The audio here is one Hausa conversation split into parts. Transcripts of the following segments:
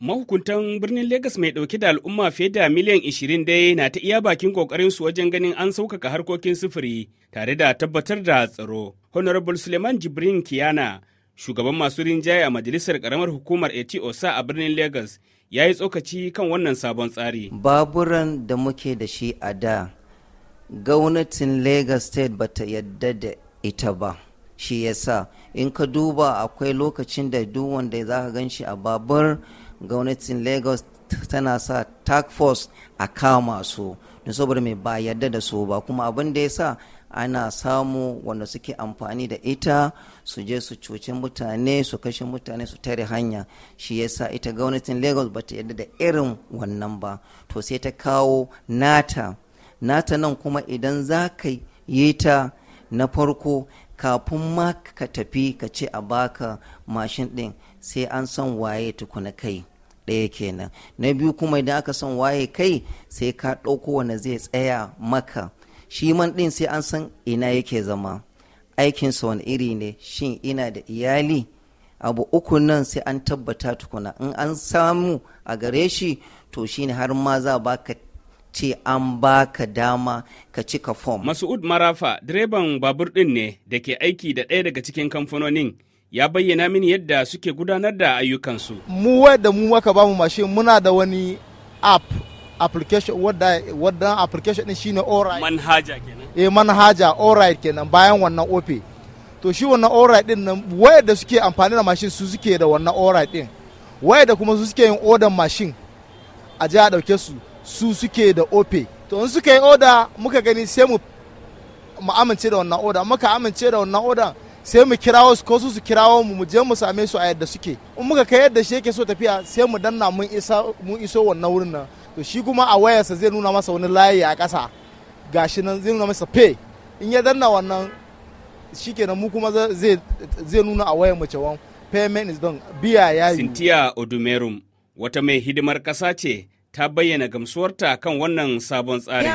Mahukuntan birnin Legas mai ɗauke da al'umma fiye da miliyan 20 dai na ta iya bakin su wajen ganin an saukaka harkokin sufuri tare da tabbatar da tsaro. Honorable Suleiman Jibrin Kiyana, shugaban masu rinjaye a majalisar karamar hukumar Etiosa a birnin Legas, ya yi tsokaci kan wannan sabon tsari. Baburan da muke da shi a da, gwamnatin Legas State bata yadda da ita ba. Shi yasa in ka duba akwai lokacin da duk wanda za ka gan shi a babur gwamnatin lagos tana sa task force a kama su don saboda mai ba yarda da su ba kuma abin da ya sa ana samu wanda suke amfani da ita su je su cuce mutane su kashe mutane su tare hanya shi ya sa ita gwamnatin lagos ba ta yarda da irin wannan ba to sai ta kawo nata nata nan kuma idan za ka yi ta na farko kafin ma ka tafi ka ce a baka mashin ɗin sai an san waye tukuna kai ɗaya kenan na biyu kuma idan aka san waye kai sai ka ɗauko wanda zai tsaya maka shi man ɗin sai an san ina yake zama aikinsa wani iri ne shin ina da iyali abu uku nan sai an tabbata tukuna in an samu a gare shi to shine har ma za baka ce an baka dama ka cika fom. masuud Marafa direban babur ɗin ne da ke aiki da ɗaya daga cikin kamfanonin ya bayyana mini yadda suke gudanar da ayyukansu. Mu da mu ba mu mashin muna da wani app application wadda wadda application din shine alright manhaja kenan eh manhaja alright kenan bayan wannan ofe to shi wannan alright din nan waya da suke amfani da mashin su suke da wannan alright din waya da kuma su suke yin order mashin a je a dauke su su suke da ope to in suka yi oda muka gani sai mu mu amince da wannan oda muka amince da wannan oda sai mu kirawo su ko su su kirawo mu je mu same su a yadda suke in muka kai yadda shi yake so tafiya sai mu danna mun isa mun iso wannan wurin nan to shi kuma a wayarsa zai nuna masa wani layi a ƙasa gashi nan zai nuna masa pe in ya danna wannan shikenan mu kuma zai zai nuna a wayar mu cewa payment is done biya ya yi Cynthia Odumerum wata mai hidimar ƙasa ce ta bayyana gamsuwarta kan wannan sabon tsarin.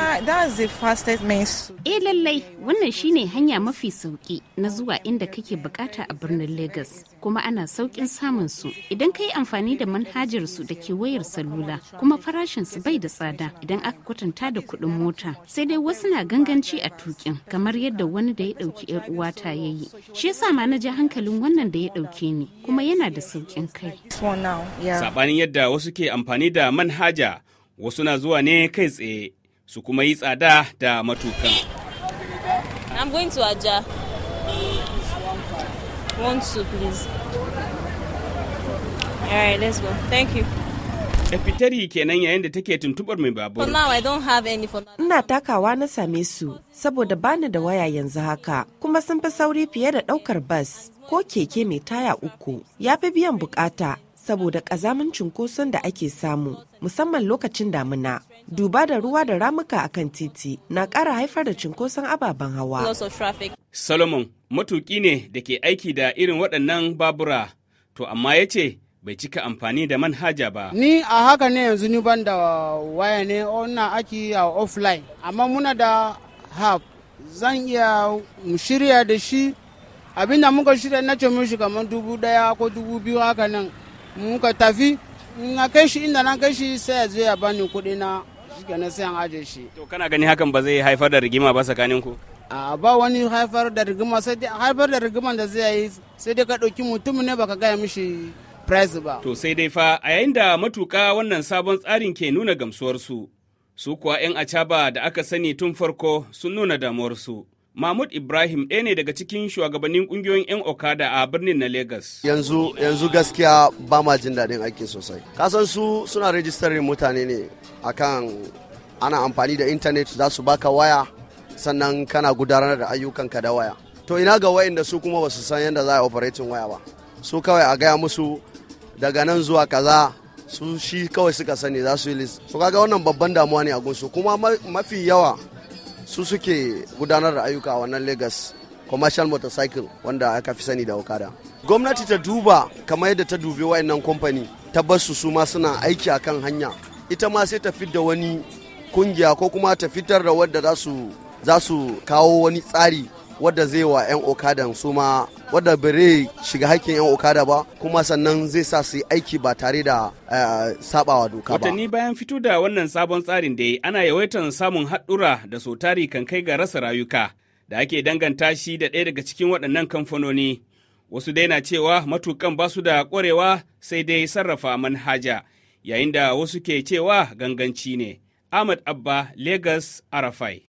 Eh lallai wannan shine hanya mafi sauki na zuwa inda kake bukata a birnin Legas kuma ana saukin samun su idan ka yi amfani da manhajar su da ke wayar salula kuma farashin su bai da tsada idan aka kwatanta da kuɗin mota sai dai wasu na ganganci a tukin kamar yadda wani da ya ɗauki yar uwata ya yi shi yasa ma na ji hankalin wannan da ya ɗauke ni kuma yana da saukin kai. Sabanin yadda wasu ke amfani da manhaja wasu na zuwa ne kai tsaye su kuma yi tsada da matukan. I'm going to Aja. One two, please. All right, let's go. Thank you. Epitari kenan yayin da take tuntubar mai babur. Ina takawa na same su saboda bani da waya yanzu haka kuma sun fi sauri fiye da ɗaukar bas ko keke mai taya uku ya fi biyan bukata saboda ƙazamin cunkoson da ake samu musamman lokacin damuna duba da ruwa da ramuka a kan titi na kara haifar da cunkoson ababen hawa solomon matuki ne da ke aiki da irin waɗannan babura to amma ya ce bai cika amfani da manhaja ba. Ni a haka ne yanzu ni ban da waya ne na aki a offline amma muna da hub zan iya shirya da shi abinda muka shirya na ce mun shiga man dubu daya ko dubu biyu haka nan muka tafi na kai shi inda na kai shi sai ya zo ya bani kuɗi na shikenan sai an aje shi to kana gani hakan ba zai haifar da rigima ba tsakanin ku a ba wani haifar da rigima sai dai haifar da rigima da zai yi sai dai ka ɗauki mutum ne baka gaya mishi price ba to sai dai fa a yayin da matuka wannan sabon tsarin ke nuna gamsuwarsu su kuwa 'yan acaba da aka sani tun farko sun nuna damuwarsu Mahmud Ibrahim ɗaya ne daga cikin shugabannin ƙungiyoyin 'yan Okada a birnin na Legas. Yanzu yanzu gaskiya ba ma jin daɗin aiki sosai. Kasan su suna rijistar mutane ne akan ana amfani da intanet za su baka waya sannan kana gudanar da ayyukan ka da waya. To ina ga wayanda su kuma ba su san yadda za a operating waya ba. Su kawai a gaya musu daga nan zuwa kaza su shi kawai suka sani za su yi list. So kaga wannan babban damuwa ne a gunsu kuma mafi yawa su suke gudanar da ayyuka a wannan Lagos commercial motorcycle wanda aka fi sani da Okada. Gwamnati ta duba kamar yadda ta dubi wayannan kamfani ta basu su ma suna aiki akan hanya. Ita ma sai ta fitar da wani kungiya ko kuma ta fitar da wadda za su kawo wani tsari wadda zai wa 'yan okada su ma wadda bare shiga haƙƙin 'yan okada ba kuma sannan zai sa su yi aiki ba tare da eh, sabawa doka ba. Watanni bayan fito da wannan sabon tsarin da ya ana yawaitar samun haɗura da sotari kan kai ga rasa rayuka da ake danganta shi da ɗaya daga cikin waɗannan kamfanoni. Wasu dai na cewa matukan ba su da ƙwarewa sai dai sarrafa manhaja yayin da wasu ke cewa ganganci ne. Ahmad Abba, Legas Arafai.